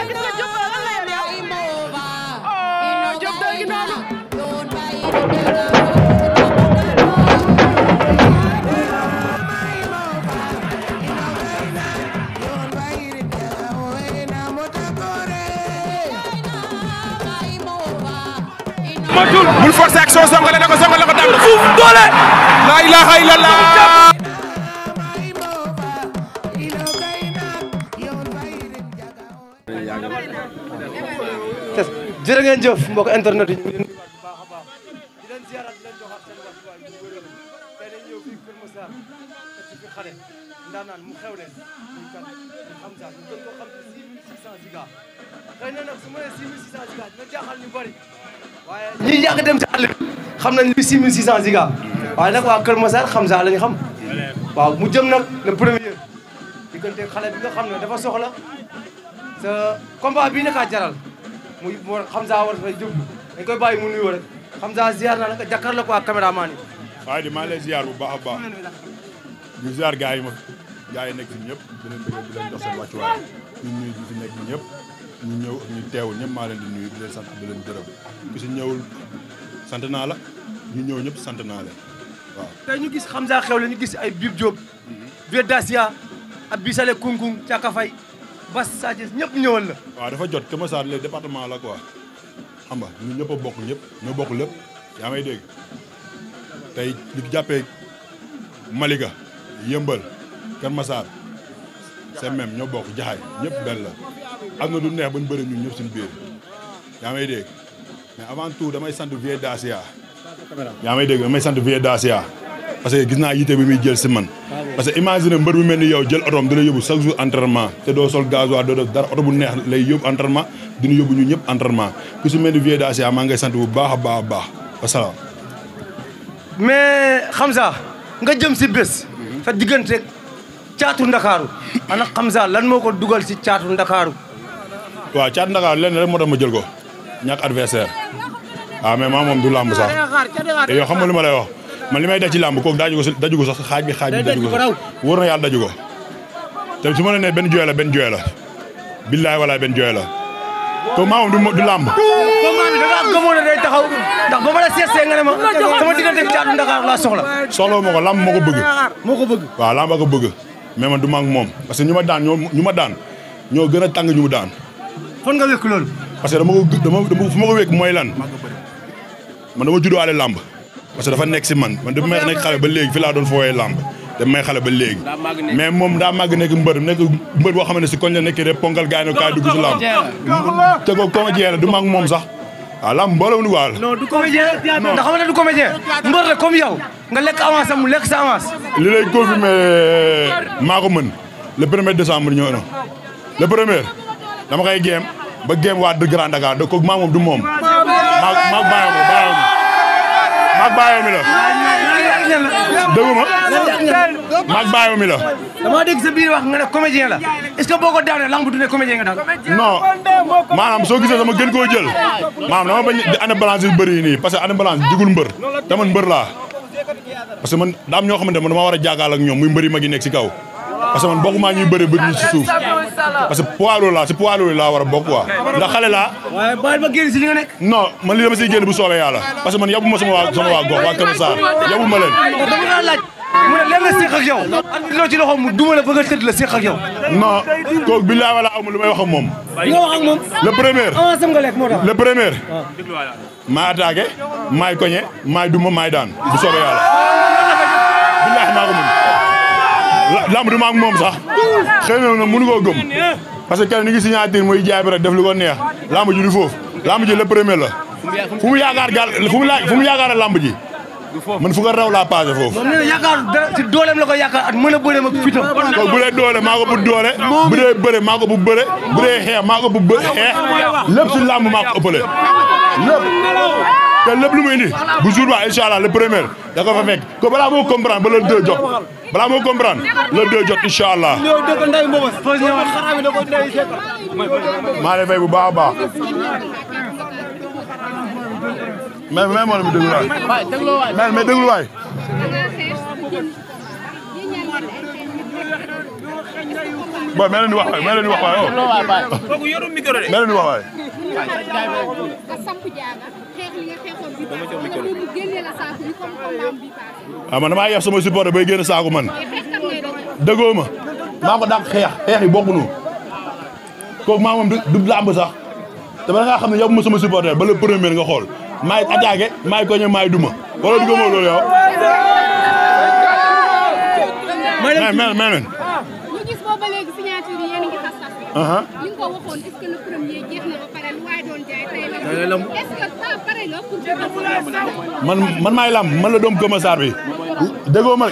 waaye gis nga Diop lan la yem yow Diop dër gi noonu. bul forcer ak soo songale na ko songale na ko daan na fuuf doole. la ilaha illallah. jërë ngeen jëf mbokk internet yi ñu ngi leen di nuyuwaat bu baax a baax di leen ziaral di leen joxaat seen wàccuwaay bu wërëm tey dañ ñëw fii Kër Massar ci fi xale ndaanaan mu xew leen muy kan Hamza ñu gën ko xam ci 6600 giga xëy na nag su ma nee 6600 giga dina jaaxal ñu bëri waaye ñi yàgg dem ci àll bi xam nañ li 6600 giga waaye nag waa Kër Massar Hamza lañ xam waaw mu jëm nag le premier diggante xale bi nga xam ne dafa soxla sa combat bii nakaa jaral mu Hamza war fay jóg dañ koy bàyyi mu nuyoo rek Hamza ziar naa la nga la ko ak caméraman yi waaye di maa lay ziar bu baax a baax di ziar gars yi ma gars yi nekk fi ñëpp di leen bëgg di leen jox ñëpp ñu ñëw ñu teewul ñëpp maa di nuyu di leen sant di leen si ñëwul sant naa la ñu ñëw ñëpp sant naa leen waaw ñu gis Hamza xew la ñu gis ay Bib Diop Vedasia ak Bisale Kungkung Caka Faye Bass Sa Thiès ñëpp ñëwal la. waaw dafa jot Kër Massar léegi département la quoi xam nga ñun ñëpp a bokk ñëpp ñoo bokk lépp yaa may dégg tey ñu jàppee Malika Yëmbal Kër Massar c'est même bokk jaxaay ñëpp benn la am na du neex ba ñu bëri ñun ñëpp suñu biir yaa may dégg mais avant tout damay sant Vieux Dacia. yaa may dégg damay sant Vieux Dacia parce que gis naa yite bi muy jël si man. parce que imagine mbër bu mel ni yow jël otoom dina yóbbu chaque jour entraînement te doo sol gasoil doo def dara oto bu neex lay yóbbu entraînement dina yóbbu ñu ñëpp entraînement ku si mel ni Vieux Dacia maa ngay sant bu baax a baax a baax wasalaam mais Hamza nga jëm si bés mhm. sa diggante caatu ndakaaru ana saa lan moo ko dugal si caatu ndakaaru waa caatu ndakaaru lenn rek moo tax ma jël ko ñàkk adversaire waaw ah, mais moom du lamb sax te xam nga li ma lay wax man li may daj ci làmb kooku daaju ko si daju ko sax xaaj bi xaaj bi daju ko na yàlla daju ko te ma la nee benn jooy la benn jooy la billaay walaay benn jooy la ko maa moom du làmb gëmoo ne day taxaw ndax la soxla soxla ma moo ko bëgg moo ko bëgg waaw làmb a ko bëgg mais man du ma moom parce que ñu ma daan ñoo ñu ma daan ñoo gën a tàng ñu mu daan fan nga wékk loolu parce que dama ko dama fu ma ko wékk mooy lan man dama juddoo ale làmb parce que dafa nekk si man man depuis nekk xale ba léegi fi laa doon fooyee làmb da may xale ba léegi mais moom daa màgg nekk mbër mbër boo xam si koñ la nekkee rek ponkal gaay na kaay dugg si làmb te ko comédien la du mag moom sax waaw ah, làmb mbooloo nu waal non du comédien ndax mbër la comme yow nga lekk avance mu lekk sa avance li lay confirmé euh, maa mën le premier décembre ñëw na le premier dama koy géem ba géem waa de Grand Dakar da ko maa moom du moom maag bàyyoo mi la. dëggu ma. maag bàyyoo mi la. dama dégg sa biir wax nga ne comédien la est-ce que boo ko daanee lamb bu du ne no nga maanaam soo gisee sama gën koo jël maanaam dama bañ di année balance yu bëri yi nii parce que année balance jigul mbër te man mbër laa parce que man daam ñoo xamante man dama war a jàkkaarloo ak ñoom muy mbëri ma gi nekk si kaw. parce que man bokkuma ñuy bëri bëri ñu suuf parce que poids si poids war a bokk quoi ndax xale laa. waaye man li dama siy génn bu soobee parce que man yabuma sama waa gox waa Kër Saar yabuma leen. dama la laaj. mu la séq mu lu may wax moom. li premier avancé ah, premier. Ah. maa attaqué maay koñe maay duma maay daan bu soobee yàlla. Ah. billaahi maa ko mën lamb du ma ak moom sax xëy na nag mënu koo gëm parce que ni ngi signature muy jaay bi rek neex lamb ji du foofu lamb ji le premier la fu mu yaakaar gaal fu mu fu mu yaakaar lamb ji man fu ko raw laa paase foofu. moom si dooleem la ko yaakaar at mën a bëre ma fitam. kon bu dee doole maa ko doole. bu dee bëre maa ko bu bu dee xeex maa ko xeex lépp si lamb maa ko ëppale te lépp lu muy indi bu jour ba incha allah le premier da fa fekk ko balaa moo comprendre ba le deux jot balaa moo comprendre le deux jot incha allah. maa lay fay bu baax a baax. mais mais moo leen di oh. déglu mel ni ni wax mel ni waaw ah, man damaa yeex sama supporter bay génn saako man dëggoo ma maa ko dàq xeex xeex yi bokkuñu maa moom du làmb sax te ba nga xam ne yow ma sama supporter ba le premier nga xool maay attaqué maay koñe maay duma wala du gëmoo loolu yow. mais mais mais. ñu gis boobu a ngi tas tas. li nga man man maay lamb man la doom Kër Massar bi déggoo ma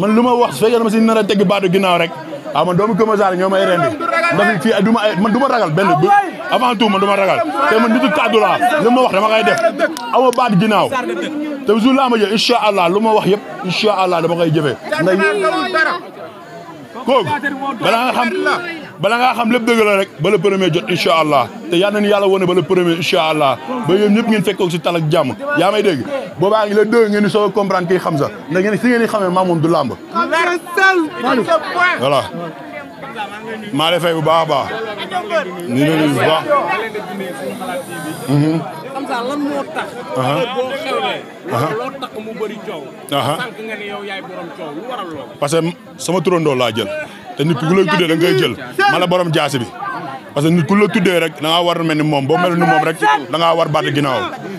man lu ma wax su fekkee dama si nar a tegg baatu ginnaaw rek waaw ah, man doomu Kër Massar ñoo may rendi ndax fii ah, du ma ah, man du ma ragal benn avant tout man du ma ragal te man nitu kàddu laa lu ma wax dama koy def ama baat ginnaaw te jour laa ma jël incha allah lu ma wax yëpp incha allah dama koy jëfee. ndax kooku balaa nga xam. bala ngaa xam lépp dëgg la rek ba le premier jot incha allah te yal nañu yàlla wone ba le premier incha allah ba yéen ñëpp ngeen fekkoog si tal ak jàmm yaa may dégg boobaa ngi la dëgg ngeen di soog a comprendre kii xam sax ndax ngeen si ngeen di xamee maa moom du làmb maa lay bu baax a baax ñu ne bu baax mhm. parce que sama turandoo laa jël te nit ku la tuddee da ngay jël ma la borom jaasi bi parce que nit ku la tuddee rek da ngaa war mel ni moom boo mel ni moom rek da ngaa war baat ginnaaw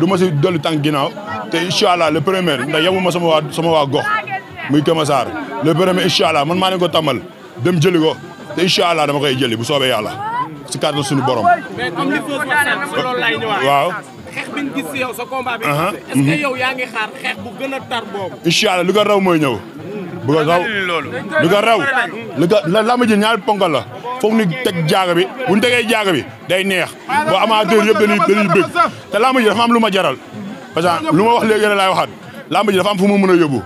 du ma si dolli tànk ginaaw te incha allah le premier ndax yabu ma sama waa sama waa gox muy Kër Massar le premier incha allah man maa leen ko tàmmal dem jëli ko te incha allah dama koy jëli bu soobee yàlla si kàddu suñu borom. li waaw xeex bi gis si yow sa combat mhm. lu ko raw mooy ñëw. bu ko raw lu ko raw lu ko lama ji ñaari ponkal la foog ni teg jaaga bi bu ñu tegee jaaga bi day neex ba amateur yëpp dañuy dañuy bëgg te lama ji dafa am lu ma jaral parce que lu ma wax léegi laay waxaat lama ji dafa am fu mu mën a yóbbu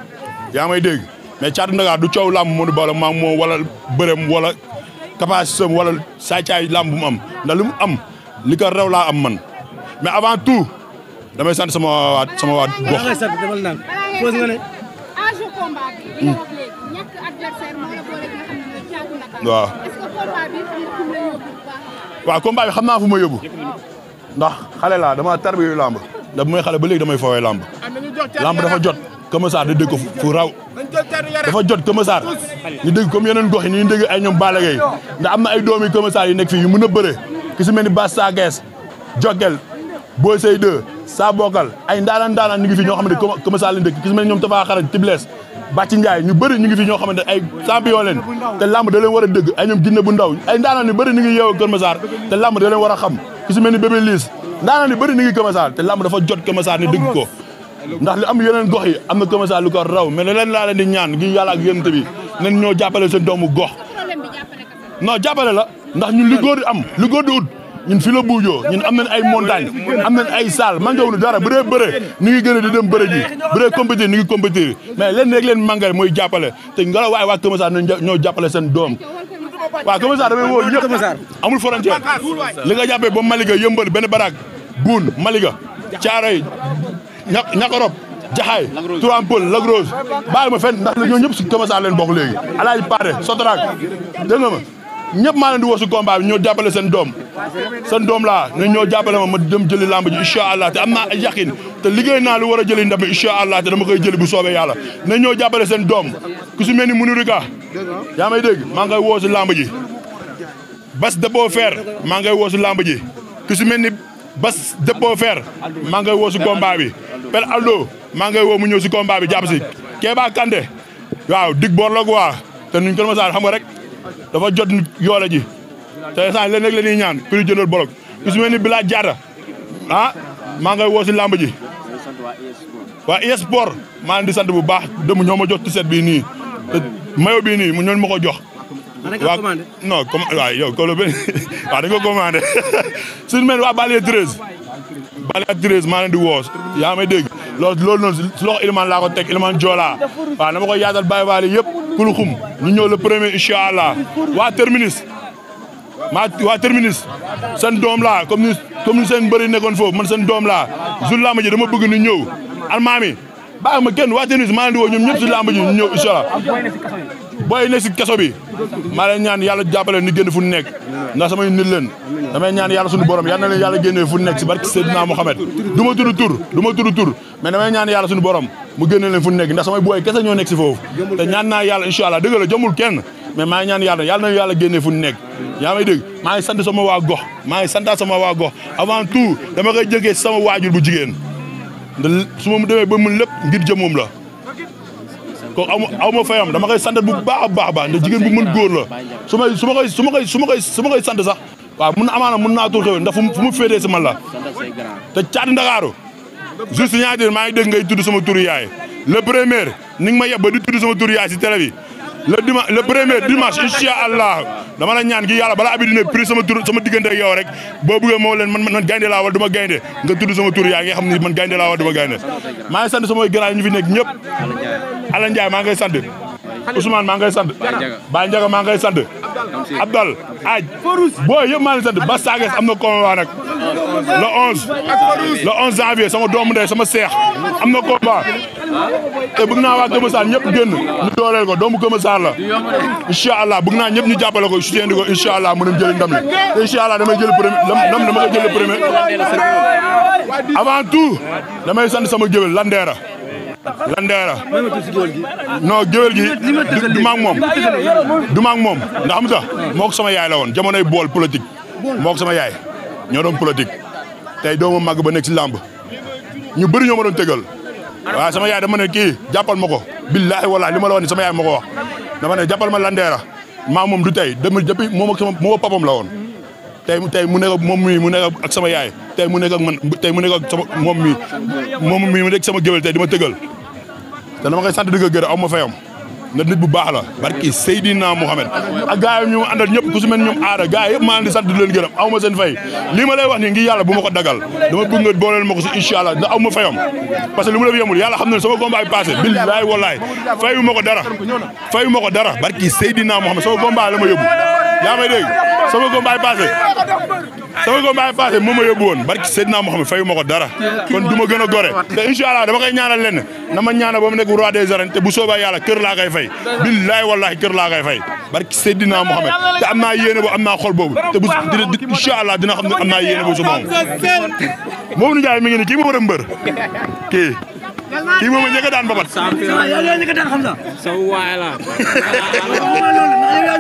yaa may dégg mais caatu Ndakaar du coow lamb mënu bala maam moom wala bërëm wala capacité am wala saa caay lamb bu mu am ndax li mu am li ko raw laa am man mais avant tout damay sant sama waa sama waa gox. waaw waaw combat bi xam naa fu ma yóbbu ndax xale laa dama tarbiyu làmb da bu may xale ba léegi damay foowee làmb ah, làmb dafa jot Kamasaar di dégg ko fu raw dafa jot Kamasaar ñu dégg kom yeneen gox yi ñu dégg ay ñoom Balla Gaye ndax am na ay doomi Kamasaar yi nekk fii yu mën a bëre ki si mel ni Bassa Gaye Jogel saa bookal ay ndaanaan ndaanaan ñu ngi fi ñoo xamante comme ça lañ dëkk gis mel ñoom Tafa Xarañ Tibles Bàcci Njaay ñu bëri ñu ngi fi ñoo xamante ay champion leen te làmb da leen war a dëgg ay ñoom ginne bu ndaw ay ndaanaan yu bëri ñu ngi yeewoo Kër te làmb da leen war a xam ki su ni bébé ndaanaan yu bëri ñu ngi Kër Massar te làmb dafa jot Kër Massar dëgg ko ndax am yeneen gox yi am na Kër Massar lu ko raw mais leen laa leen di ñaan gi yàlla ak yénte bi nañ seen doomu gox non jàppale la ndax ñun li góor am li góor di ñun fi la buujoo ñun am nañ ay montagne am nañ ay salle manquéwuñu dara bëree bëree ñu ngi gën a di dem bëre ji bëree compétir ñu ngi compétir mais leen rek leen manqué mooy jàppale te nga la waaye waa Kër ñoo jàppale seen doom waa Kër Massar woo ñëpp amul frontière li nga jàppee ba Malika yëmbal benn baraag buun Malika Caaroy ña ñakorob jaxaay turam pël lagrose bàyyi ma fenn ndax la ñoo ñëpp si Kër Massar leen bokk léegi alaaji Paate Sotrac dégg nga ma ñëpp maa leen di woo si combat bi ñoo jàppale seen doom seen doom laa ne ñoo jàppale ma ma dem jëli lamb ji incha allah te am naa ay yaqin te liggéey naa lu war a jëli ndam incha allah te dama koy jëli bu soobee yàlla ne ñoo jàppale seen doom ku si mel ni Mounirou Ka yaa may dégg maa ngay woo si lamb ji bas deboo fer maa ngay woo si lamb ji ku si mel ni bas deboo fer maa ngay woo si combat bi per Aldo maa ngay woo mu ñëw si combat bi jàpp si Kéba Kandé waaw dig bor la quoi te nuñ ko ma rek dafa jot yoole ji te instant leen rek la ñuy ñaan ku ñu jëndal bolog ku si mel ni Bilal Diatta ah, maa ngay woo si làmb ji waa IS Sport maa leen di sant bu baax dem ñoo ma jox tiset bii nii mayo bii nii mu ñoon ma ko jox waa non comme waaw yow kolo ben waaw da nga commandé suñu mel waa Balia maa leen di woo yaa may dégg lool loolu noonu si loxo Iliman laa ko teg Iliman Joola waaw dama koy yaatal Baye Baali yëpp Kuluxum ñu ñëw le premier incha allah waa terminus maa waa terminus seen doom laa comme ni comme ni seen bëri nekkoon foofu man seen doom laa jul làmb ji dama bëgg ñu ñëw almaami baax ma kenn waa terminus maa leen di woo ñoom ñëpp si làmb ji ñu ñëw incha si kaso bi maa leen ñaan yàlla jàppale ni génn fu nekk ndax samay nit leen damay ñaan yàlla suñu borom yal na leen yàlla génnee fu nekk si barke Seydina Mohamed du ma tudd tur du ma tudd ñaan yàlla suñu borom mu génne leen fu nekk ndax samay booy kese ñoo nekk si foofu te ñaan naa yàlla incha allah dëgg la jomul kenn mais maa ngi ñaan yàlla yàlla nañu yàlla génne fu nekk yaa may dégg maa sant sama waa gox maa ngi santaa sama waa gox avant tout dama koy jëkkee sama waajur bu jigéen da su ma demee ba mun lépp ngir jëmoom la ko aw aw ma fayam dama koy sant bu baax a baax baax jigéen bu mën góor la su may su ma koy su ma koy su ma koy su ma koy sant sax waaw mun amaana mun naa tur xew ndax fu mu féetee si la juste ñaa maa ngi dégg ngay tudd sama turu yaay le premier ni ma yeb ba di tudd sama turu yaay si télé bi premier dimanche incha allah dama la ñaan gi yàlla balaa abi dina prix sama tur diggante ak yow rek boo bëggee moo leen man man gaynde laa wala du ma gaynde nga tudd sama tur yaa nga xam ni man gaynde laa wala du ma gaynde maa ngi sant samay gënaa ñu fi nekk ñëpp Ala Ndiaye maa ngay sant Ousmane maa ngay sant Ba Ndiaga maa ngay sant Abdal Aaj boo yëpp maa ngi sant ba am na combat nag le 11 le 11 janvier sama doomu ndey sama seex am na combat te bëgg naa waa Gëmësaar ñëpp génn ñu dooleel ko doomu Gëmësaar la incha allah bëgg naa ñëpp ñu jàppale ko soutenir ko incha allah mën a jëli ndam li te incha allah damay jël premier ndam dama koy jël premier avant tout damay sant sama géwél Landeera lan dara non géwél gi du maag moom du maag moom ndax am tax moo ko sama yaay la woon jamonoy bool politique moo sama yaay ñoo doon politique tey doomu màgg ba nekk si làmb ñu bëri ñoo ma doon tëgal waaw sama yaay dama ne kii jàppal ma ko billaahi wallaahi li ma la wax sama yaay ma ko wax dama ne jàppal ma landeera maa moom du tey dem depuis moom ak sama moom papam la woon tey tey mu nekk ak moom mii mu nekk sama yaay tey moom mii moom mii mu nekk sama géwél tey di ma tëggal te dama koy sant di ko gërëm aw ma na nit bu baax la barki Seydina Mohamed ak gars yi ñu àndal ñëpp ku su aada gars yi yëpp maa leen di sant di leen gërëm aw wax nii ngi yàlla bu ma ko dagal dama bëgg nga booleel ma ko si incha allah ndax aw ma fayam parce que li mu def yemul yàlla xam ne sama combat bi passé billaay wallaay fayu dara fayu ma ko dara barki Seydina Mohamed sama combat la ma yóbbu yaa may dégg sama combat yi passé sama combat yi passé moom ma yóbbu woon barki Seydina Mohamed fayu ma ko dara kon du ma gën a gore te incha allah dama koy ñaanal lenn na ma ñaana ba mu nekk roi des arènes te bu soobaa yàlla kër laa koy fay billahi wallahi kër laa koy fay barki Seydina Mohamed te am naa yéene boobu am naa xol boobu te bu incha allah dina xam ne am naa yéene boobu su ma moom nu jaay mi ngi kii ma war a kii moom a njëkk a daan babat. yow yaa njëkk a daan xam nga. sa waay la. kii moom a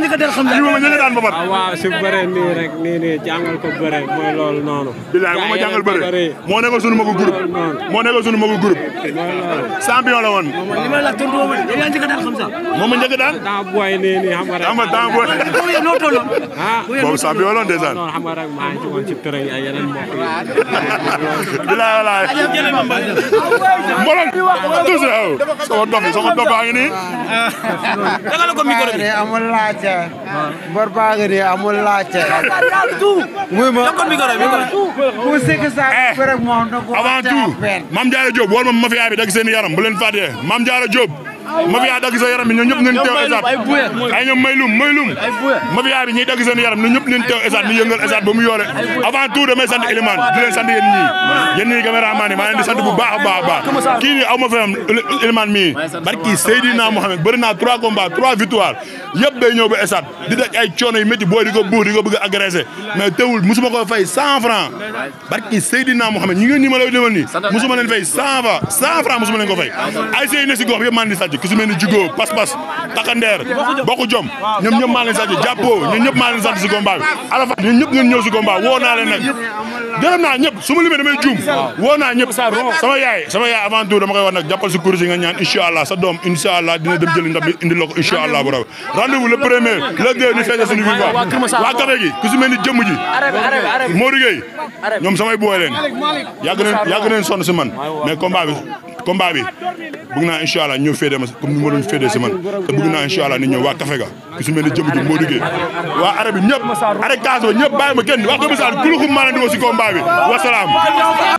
njëkk a daan babat. Ah, waaw su bëree nii rek nii nii jàngal ko bëree mooy loolu noonu. bilaay moom a jàngal bëree moo nekkoon sunu magu groupe. moo nekkoon sunu magu groupe. champion la woon. li ma la tontu woon yow yaa njëkk a daan xam nga. moom a njëkk a daan. daa booy nii nii xam nga rek. xam nga daa booy. Ah. boobu champion la woon dèjà. non xam nga rek maa ngi ci woon ci tërë ay yeneen mbokk yi. bilaay walaay. toujours aw sama dof yi sama dof baa ngi nii. dagala ko micro bi amul laajte. bor baa ngi nii amul laajte. wuy ma ku sikki saa eh, rek moom. avant tout Mame Diarra Diop wóor ma ma fi yaay bi dagg seen yaram bu leen fàtte Mame Diarra Diop. mafia dagg seen yaram bi ñoom ñëpp nañ teew esaat ay ñoom maylum maylum mafia bi ñuy dagg seen yaram ñoom ñëpp nañ teew esaat ñu yëngal esaat ba mu yoole avant tout damay sant Elimane di leen sant yéen ñii yéen ñii caméraman yi maa leen di sant bu baax a baax a baax kii nii aw ma fayam Elimane mii barki Seydina Mohamed bëri naa trois combats trois victoires yëpp day ñëw di daj ay coono yu métti booy di di ko bëgg a agressé musuma ko fay cent franc barki ku si mel ni jugoo pas-pas takandeer bokku jom ñoom ñëpp maa leen sant jàppoo ñun ñëpp woo naa leen nag gërëm naa ñëpp su ma limee damay juum woo naa ñëpp sama yaay sama yaay avant tout dama koy wax nag jàppal si course yi nga ñaan sa doom incha allah dina dem jëli ndab bi indi le premier le deux ni jëmm ji moo rigéey ñoom samay booy leen yàgg nañ yàgg nañ sonn si man mais combat combat bi bëgg naa incha allah ñëw féede ma comme ni ma naa incha allah ni waa kafe ga ki su mel waa arab bi ñëpp arab Kaso ma kenn wax ma si combat bi wasalaam